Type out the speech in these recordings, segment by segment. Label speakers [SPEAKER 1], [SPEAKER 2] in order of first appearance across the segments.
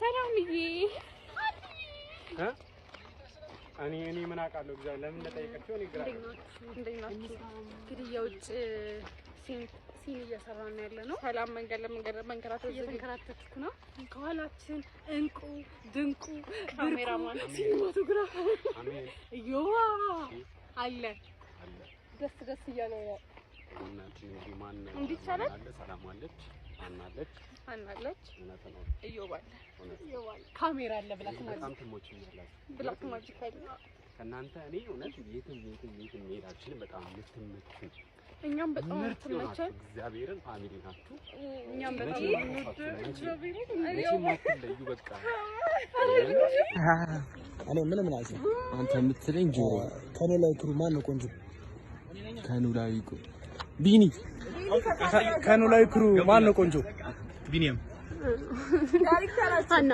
[SPEAKER 1] ሰላምዬ
[SPEAKER 2] እኔ እኔ ምን አውቃለሁ። እግዚአብሔር ለምን እንደጠየቀችው እኔ
[SPEAKER 1] ግራ እንግዲህ የውጭ ሲን እየሰራ ነው ያለ ነው። ሰላም መንገድ ለመንገድ መንከራተት እየተንከራተትኩ ነው። ከኋላችን እንቁ ድንቁ ካሜራማን ሲኒማቶግራፈር እዮዋ አለ። ደስ ደስ እያለ እንዲቻለን
[SPEAKER 2] ሰላም አለች አናለች አናለች እውነት ነው። እዮባለ እዮባለ
[SPEAKER 1] ካሜራ አለ ብላክ ማጂክ
[SPEAKER 2] በጣም ትሞችኛላችሁ።
[SPEAKER 1] ብላክ ማጂክ አለ
[SPEAKER 2] ከእናንተ እኔ እውነት የትም የትም የትም መሄድ አልችልም። በጣም የምትመቹኝ
[SPEAKER 1] እኛም በጣም የምትመቸን
[SPEAKER 2] እግዚአብሔርን ፋሚሊ ናችሁ።
[SPEAKER 1] እኛም በጣም የምትለዩ በቃ እኔ ምንም ናቸ አንተ የምትለኝ ጆሮ ከኖላዊ ክሩ ማን ነው ቆንጆ ከኖላዊ ቢኒ ከኖላዊ ክሩ ማን ነው ቆንጆ? ቢኒያም ሀና።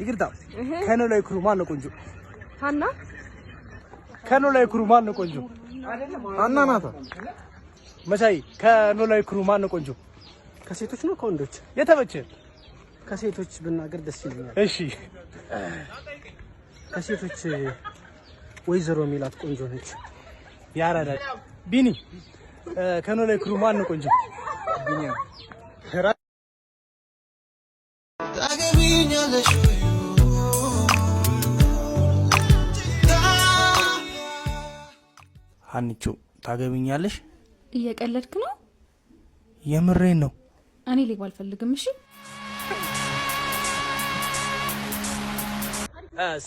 [SPEAKER 1] ይቅርታ፣ ከኖላዊ ክሩ ማን ነው ቆንጆ? ሀና። ከኖላዊ ክሩ ማን ነው ቆንጆ? ሀና ናታ። መሳይ፣ ከኖላዊ ክሩ ማን ነው ቆንጆ? ከሴቶች ነው ከወንዶች? የተመቸ ከሴቶች ብናገር ደስ ይለኛል። እሺ፣ ከሴቶች ወይዘሮ ሚላት ቆንጆ ነች። ያራዳ ቢኒ ከኖላይ ክሩ ማን ነው ቆንጆ? ሀኒቾ ታገቢኛለሽ? እየቀለድክ ነው? የምሬን ነው። እኔ ሌባ አልፈልግም። እሺ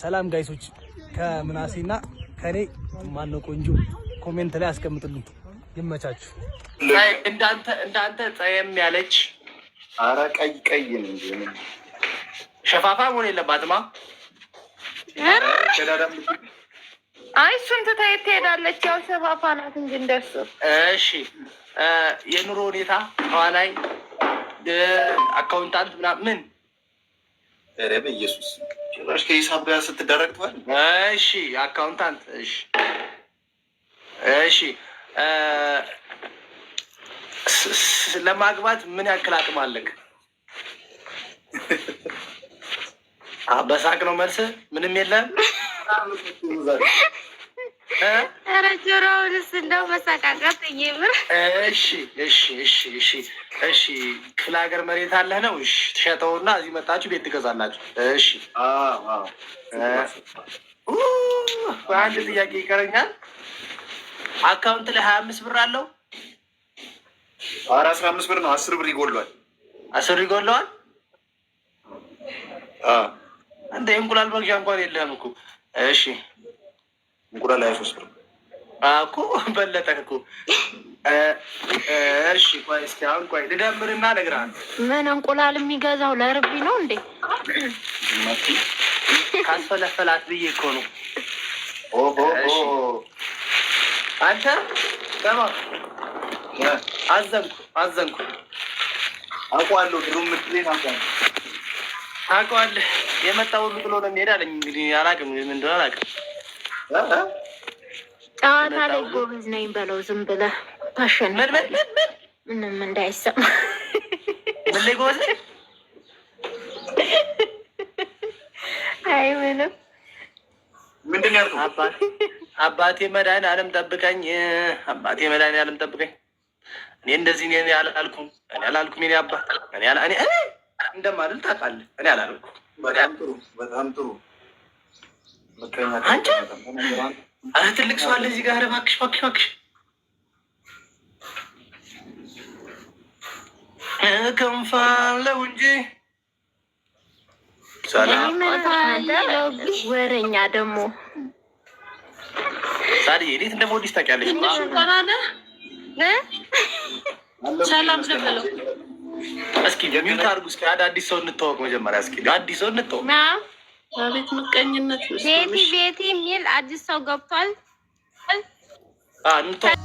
[SPEAKER 1] ሰላም ጋይሶች፣ ከምናሴና ከኔ ማነው ቆንጆ ኮሜንት ላይ አስቀምጥልኝ። ይመቻችሁ። እንዳንተ እንዳንተ ጸየም ያለች አረ ቀይ ቀይ ነው ሸፋፋ መሆን የለባትማ። አይ እሱን ትታየት ትሄዳለች። ያው ሸፋፋ ናት እንጂ እንደሱ። እሺ የኑሮ ሁኔታ ላይ አካውንታንት ምን ኧረ በኢየሱስ ጭራሽ ከሂሳብ ጋር ስትደረግ ትባል። እሺ አካውንታንት። እሺ እሺ ለማግባት ምን ያክል አቅም አለክ? በሳቅ ነው መልስ። ምንም የለም። ኧረ ጆሮውንስ እንደው መሳቃቃት እየምር። እሺ እሺ እሺ እሺ እሺ። ክፍለ ሀገር መሬት አለህ ነው? እሺ ትሸጠውና እዚህ መጣችሁ ቤት ትገዛላችሁ። እሺ አንድ ጥያቄ ይቀረኛል። አካውንት ላይ ሀያ አምስት ብር አለው። ኧረ አስራ አምስት ብር ነው። አስር ብር ይጎለዋል። አስር ይጎለዋል። እንደ እንቁላል መግዣ እንኳን የለም እኮ። እሺ እንቁላል ሀያ ሶስት ብር እኮ በለጠ እኮ። እሺ ቆይ እስኪ አሁን ቆይ ልደምርና እነግርሃለሁ። ምን እንቁላል የሚገዛው ለርቢ ነው እንዴ? ካስፈለፈላት ብዬ እኮ ነው። አንተ ገባ አዘንኩ አዘንኩ። አውቀዋለሁ ድሮ ምትሌ አውቀዋለሁ ታውቀዋለህ። የመጣ ሁሉ ጥሎ ነው የሚሄድ አለኝ። እንግዲህ አላውቅም ምን እንደሆነ አላውቅም። ጨዋታ ላይ ጎበዝ ነኝ በለው ዝም ብለህ ታሸንፍ። ምንም እንዳይሰማ ምን ላይ ጎበዝ ነኝ ምንድን ነው ያልኩህ? አባቴ መድኃኒዓለም ጠብቀኝ፣ አባቴ መድኃኒዓለም ጠብቀኝ። እኔ እንደዚህ እኔ አላልኩም፣ እኔ አላልኩም። እኔ አባ እኔ እኔ እንደማልል ታውቃለህ። እኔ አላልኩም። በጣም ጥሩ፣ በጣም ጥሩ። አንቺ ኧረ ትልቅ ሰው አለ እዚህ ጋር። ኧረ እባክሽ፣ እባክሽ፣ እባክሽ ከንፋለው እንጂ ወረኛ ደግሞ ሳሪ እንዴት እንደምወድሽ ታውቂያለሽ። ሰላም ልበለው እስኪ የሚዩት አድርጉ። እስኪ አዲስ ሰው እንተዋወቅ መጀመሪያ። እስኪ አዲስ ሰው እንተዋወቅ። አቤት ምቀኝነት! ቤቲ ቤቲ የሚል አዲስ ሰው ገብቷል።